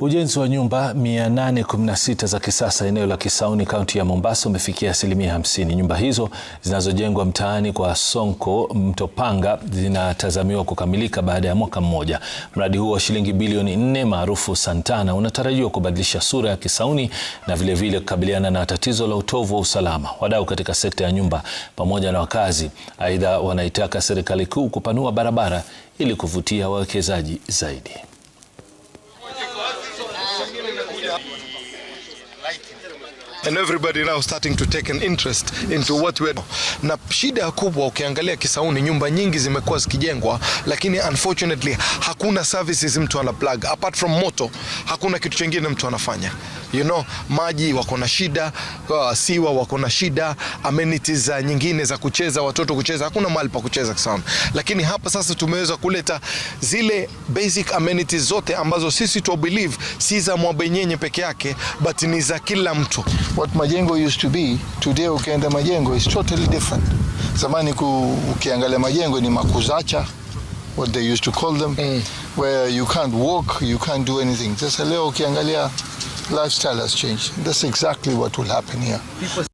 Ujenzi wa nyumba 816 za kisasa eneo la Kisauni kaunti ya Mombasa umefikia asilimia hamsini. Nyumba hizo zinazojengwa mtaani kwa Sonko Mtopanga zinatazamiwa kukamilika baada ya mwaka mmoja. Mradi huo wa shilingi bilioni 4 maarufu Santana unatarajiwa kubadilisha sura ya Kisauni na vilevile kukabiliana na tatizo la utovu wa usalama. Wadau katika sekta ya nyumba pamoja na wakazi aidha wanaitaka serikali kuu kupanua barabara ili kuvutia wawekezaji zaidi. Lighting. and everybody now starting to take an interest into what we are. Na shida kubwa ukiangalia Kisauni, nyumba nyingi zimekuwa zikijengwa, lakini unfortunately hakuna services mtu ana plug apart from moto, hakuna kitu kingine mtu anafanya. You know, maji wako na shida, uh, siwa wako na shida, amenities za nyingine za kucheza, watoto kucheza, hakuna mahali pa kucheza Kisauni. Lakini hapa sasa tumeweza kuleta zile basic amenities zote ambazo sisi to believe si za Mwabenyenye peke yake, but ni za kila mtu what Majengo used to be, today ukienda Majengo is totally different. Zamani ku, ukiangalia Majengo ni makuzacha what they used to call them mm. where you can't walk, you can't do anything. Sasa leo ukiangalia lifestyle has changed. That's exactly what will happen here. People